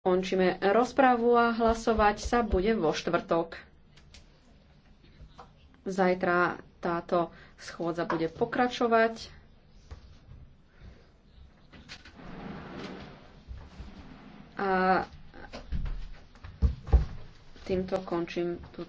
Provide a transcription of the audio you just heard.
Končíme rozpravu a hlasovať sa bude vo štvrtok. Zajtra táto schôdza bude pokračovať. A týmto končím túto.